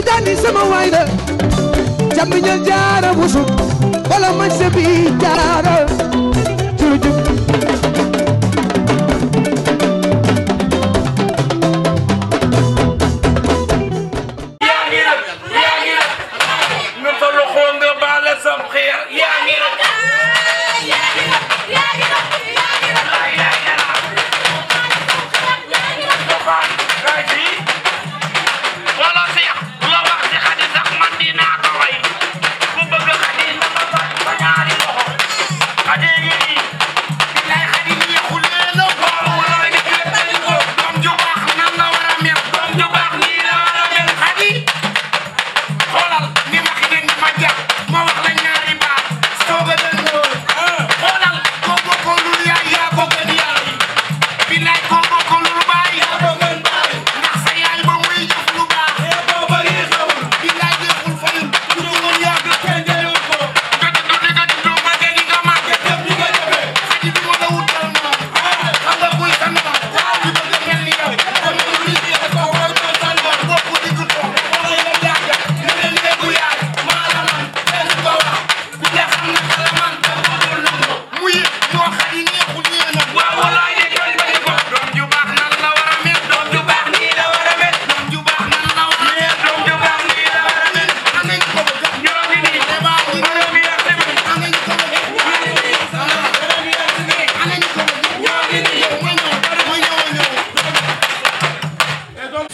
Cheikh Tidiane sama waay la jàmm ñal jaara busuk wala man se bi jaara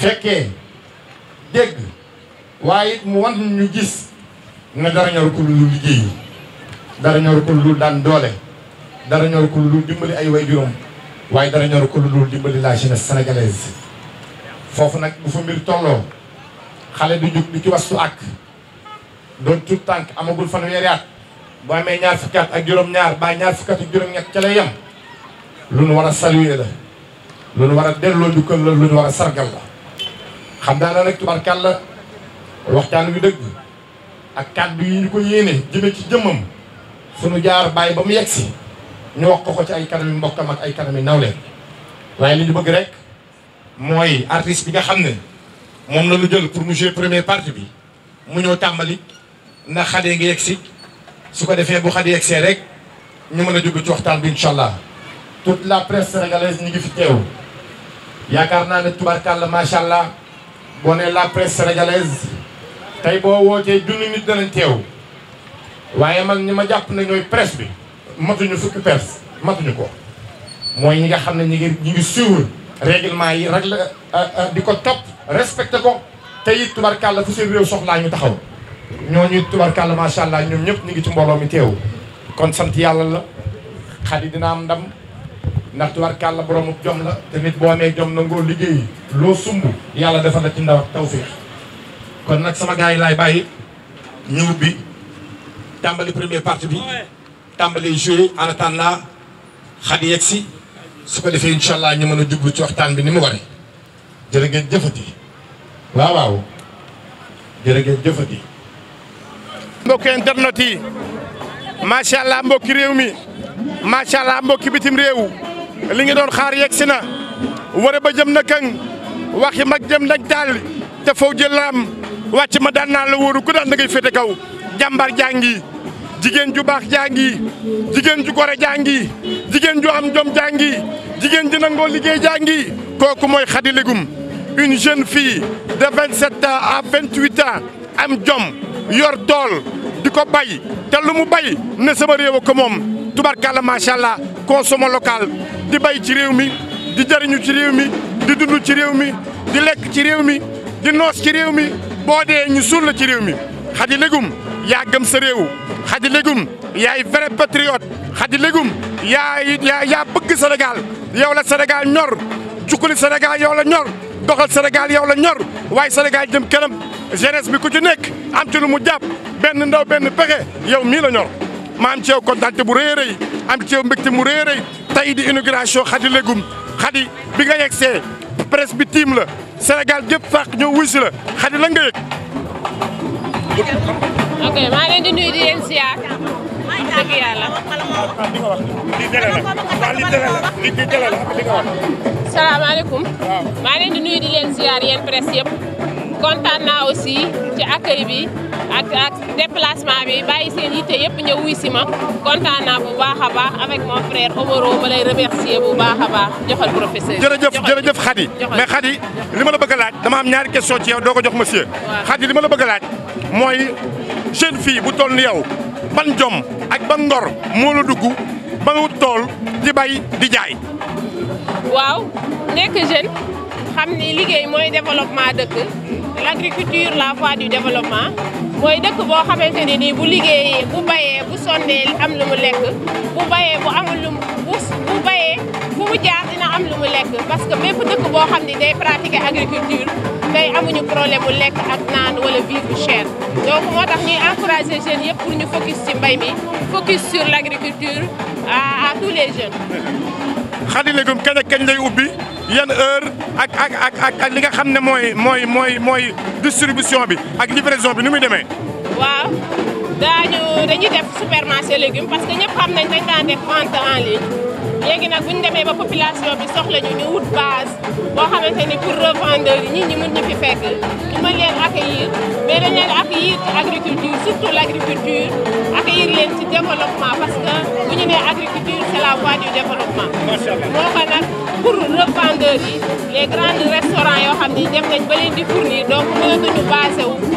fekkee dégg waaye it mu wan ñu gis ne dara ñor ko lu liggéey yi dara ñor ko lu daan doole dara ñor ko lu dimbali ay way juróom waaye dara ñor ko lu dimbali la jeunesse sénégalaise foofu nag bu fa mbir tolloo xale du jug di ci wastu ak doon tur tànk amagul fanweeri at bu amee ñaar fukki ak juróom-ñaar ba ñaar fukki juróom-ñett ca lay yem lu nu war a saluer la lu nu war a delloo lu nu war a sargal la xam naa ne rek tubarkàlla waxtaan wi dëgg ak bi yi ñu ko yéene jëme ci jëmmam suñu jaar bàyyi ba mu yegg si ñu wax ko ko ci ay kanami mbokkam ak ay kanam kanami nawle waaye li ñu bëgg rek mooy artiste bi nga xam ne moom la lu jël pour mu monsieur premier partie bi mu ñëw tàmbali na xadee ngi yegg si su ko defee bu xadee yegg see rek ñu mën a jóg ci waxtaan bi incha allah tout la presse sénégalaise ñu ngi fi teew yaakaar naa ne tubarkàlla macha allah. boo nee la presse sénégalaise tey boo wootee junni nit danañ teew waaye man ñi ma jàpp na ñooy presse bi matuñu fukki presse matuñu ko mooy ñi nga xam ne ñi ngi ñi ngi yi rek la euh, euh, di ko topp respecté ko te it tubarkàlla fu seen réew soxlaa ñu taxaw ñoo ñooñu tubarkàlla macha allah ñoom ñëpp ñu ngi ci mbooloo mi teew kon sant yàlla la xadi dina am ndam ndax tubaarkàlla boroomu jom la te nit boo amee jom nangoo liggéey loo sumb yàlla defal la ci ndaw ak kon nag sama gars yi laay bàyyi ñëw bi tàmbali première partie bi tàmbali joué en attendant xat yegg si su ko defee incha allah ñu mën a jublu ci waxtaan bi ni mu waree jërë ngeen jëfati waaw waaw jëfati. mbokki internet yi macha allah mbokki réew mi macha allah mbokki bitim réew. li ngi doon xaar yegg si na wara ba jëm na kaŋ waxi mag jëm nag daal te faw jël laam wàcc ma daan naa la wóoru ku daan da ngay féete kaw jàmbar jàngi jigéen ju baax jaangi jigéen ju gore jàngi jigéen ju am jom jàngi jigéen ju nangoo liggéey jàngi kooku mooy Khady Légume une jeune fille de 27 ans à 28 ans am jom yor tool di ko bay te lu mu bay ne sama réew a ko moom tubarkalla macha allah consommé local. di bay ci réew mi di jariñu ci réew mi di dund ci réew mi di lekk ci réew mi di noos ci réew mi boo dee ñu suul ci réew mi Khady Légume yaa gëm sa réew Khady Légume yaay vrai patriote Khady Légume yaay yaa yaa bëgg Sénégal yow la Sénégal ñor jukkuli Sénégal yow la ñor doxal Sénégal yow la ñor waaye Sénégal jëm kanam jeunesse bi ku ci nekk am ci lu mu jàpp benn ndaw benn pexe yow mii la ñor ma am ci yow kontaan bu rëy a rëy am ci yow mbégte mu rëy rëy tey di inauguration Khady Légume Khady bi nga yegg see presse bi tiim la Sénégal gépp fàq ñoo wuy la Khady lan nga yëg. ok maa leen di nuyu di leen siyaar dëgg yàlla. salaamaaleykum. maa di nuyu di leen siyaar yéen presse yëpp. kontaan aussi ci accueil bi ak ak déplacement bi bàyyi seen yitte yëpp ñëw wuy si ma bu baax a baax avec mon frère Omaro ma lay remercier bu baax a baax joxal professeur. jërëjëf jërëjëf Khady mais Khady li ma laaj dama am ñaari question ci yow doo ko jox monsieur. waaw Khady li ma bëgg a laaj mooy jeune fille bu toll ni yow ban jom ak ban ngor moo la dugg ba nga wut tool di bay waaw nekk jeune xam ni liggéey mooy développement dëkk. l'agriculture la voie du développement mooy dëkk boo xamante ne nii bu liggéey bu bayee bu sonnee am lu mu lekk bu bayee bu amul lu bu bayee fu mu jaar dina am lu mu lekk parce que bépp dëkk boo xam ne day pratiquer agriculture tey amuñu problème mu lekk ak naan wala vie bu donc moo tax ñuy encourager jeunes yëpp pour ñu focus ci mbay focus sur l'agriculture à tous les jeunes. Xadi Légumes kañ ak kañ lay ubbi yan heure ak ak ak ak li nga xam ne mooy mooy mooy mooy distribution bi ak livraison bi nu muy demee. waaw daañu dañuy def supermarché légumes parce que ñëpp xam nañ dañ daan def vente en ligne. léegi nag bu ñu demee ba population bi soxla ñu ñu wut base boo xamante ni pour revendeur yi ñi mun ñu fekk ñu mën leen accueillir mais dañ leen accueillir ci agriculture surtout l' agriculture accueillir leen ci développement parce que bu ñu agriculture c' est la voie du développement moo ko yi les grands restaurants yoo xam ni dem nañ ba di fournir donc mënatuñu basé wu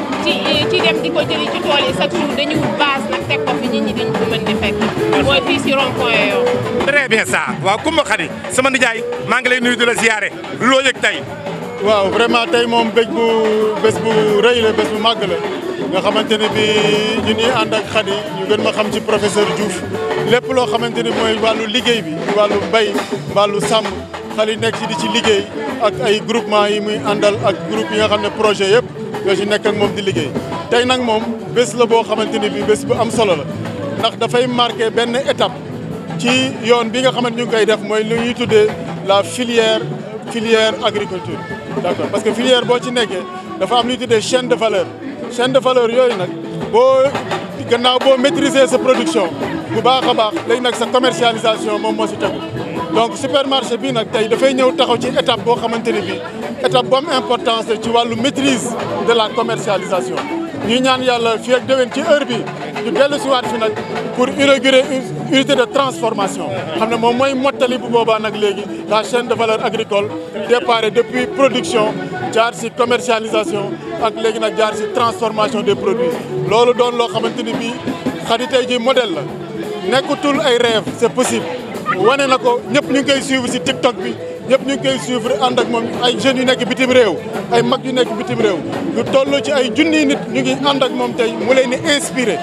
ci dem di ko jëli ci tool yi chaque jour dañuy wut teg ko fi nit ñi dañ ko mën di fekk. mooy fii si rond-point yoo. très bien saa waaw Coumba Khady sama nijaay maa ngi lay nuyu di la ziare loo yëg tey. waaw vraiment tey moom bés bu bés bu rëy la bés bu màgg la nga xamante ne bi ñu ñuy ànd ak Khady ñu gën ma xam ci professeur Diouf lépp loo xamante ni mooy wàllu liggéey bi wàllu bay wàllu sàmm xale nekk ci di ci liggéey ak ay groupement yi muy àndal ak groupe yi nga xam ne projet yëpp. yoo ci nekk ak moom di liggéey tey nag moom bés la boo xamante ni bii bés bu am solo la ndax dafay marqué benn étape ci yoon bi nga xamante ñu ngi koy def mooy lu ñuy tuddee la filière filière agriculture d'accord parce que filière boo ci nekkee dafa am lu ñuy tuddee chaîne de valeur chaîne de valeur yooyu nag boo gannaaw boo maîtriser sa production bu baax a baax léegi nag sa commercialisation moom moo si tegu donc supermarché bi nag tey dafay ñëw taxaw ci étape boo xamante ni bii étape bu am importance ci wàllu maîtrise de la commercialisation ñuy ñaan yàlla fii ak déwén ci heure bi ñu dellu siwaat fi nag pour inaugurer une unité de transformation xam ne moom mooy mottali bu boobaa nag léegi la chaine de valeur agricole déparé depuis production jaar si commercialisation ak léegi nag jaar si transformation des produits loolu doon loo xamante ni bii xadi tey ji modèle la nekkutul ay rêve c'est possible wane na ko ñëpp ñu ngi koy si TikTok bi ñëpp ñu ngi koy suivre ànd ak moom ay jeunes yu nekk bitim réew ay mag yu nekk bitim réew lu toll ci ay junniy nit ñu ngi ànd ak moom tey mu leen inspiré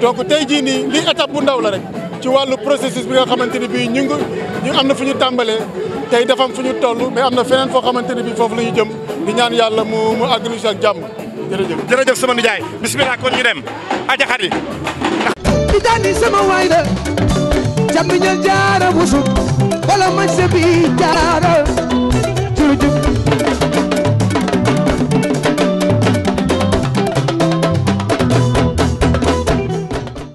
donc tey jii nii lii étape bu ndaw la rek ci wàllu processus bi nga xamante ni bii ñu ngi am na fu ñu tàmbalee tey dafa am fu ñu toll mais am na feneen foo xamante ni bii foofu la ñu jëm di ñaan yàlla mu mu àggali si ak jàmm jërëjëf. jërëjëf sama nijaay bismillah kon ñu dem aja xar yi. di sama waay la jàmm ñal jaara bu wala ma sa bi jaara